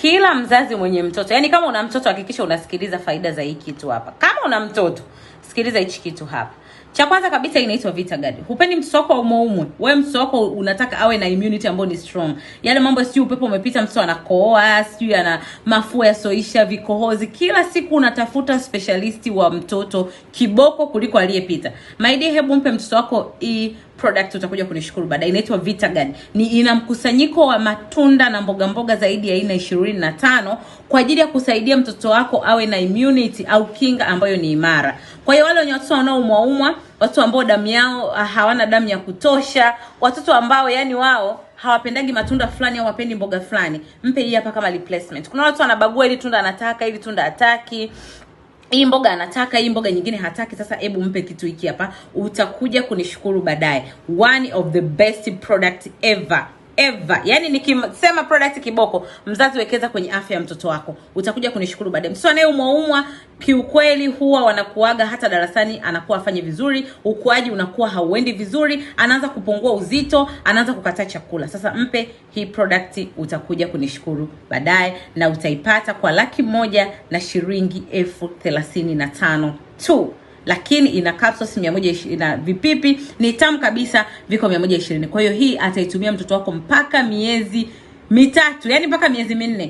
kila mzazi mwenye mtoto, yaani kama una mtoto hakikisha unasikiliza faida za hii kitu hapa. Kama una mtoto sikiliza hichi kitu hapa. Cha kwanza kabisa inaitwa vita guard. Hupendi mtoto wako aumwe umwe. Wewe mtoto wako unataka awe na immunity ambayo ni strong. Yale mambo sio upepo umepita mtoto anakooa sio ana mafua yasoisha, vikohozi. Kila siku unatafuta specialist wa mtoto kiboko kuliko aliyepita. maidi hebu mpe mtoto wako i product utakuja kunishukuru baadaye. Inaitwa Vita Guard. Ni ina mkusanyiko wa matunda na mboga mboga zaidi ya aina tano kwa ajili ya kusaidia mtoto wako awe na immunity au kinga ambayo ni imara. Kwa hiyo wale wenye watoto wanaoumwa kuumwa, watu ambao damu yao ah, hawana damu ya kutosha, watoto ambao yani wao hawapendagi matunda fulani au wapendi mboga fulani, mpe hii hapa kama replacement. Kuna watu wanabagua, ili tunda anataka, ili tunda hataki hii mboga anataka, hii mboga nyingine hataki. Sasa hebu mpe kitu hiki hapa, utakuja kunishukuru baadaye. One of the best product ever ever. Yani nikisema product kiboko, mzazi wekeza kwenye afya ya mtoto wako, utakuja kunishukuru baadaye. Mtoto anayeumwa kiukweli, huwa wanakuaga hata darasani anakuwa afanye vizuri, ukuaji unakuwa hauendi vizuri, anaanza kupungua uzito, anaanza kukataa chakula. Sasa mpe hii product, utakuja kunishukuru baadaye, na utaipata kwa laki moja na shilingi elfu thelathini na tano tu lakini ina capsules 120 na vipipi ni tamu kabisa, viko 120. Kwa hiyo hii ataitumia mtoto wako mpaka miezi mitatu, yani mpaka miezi minne.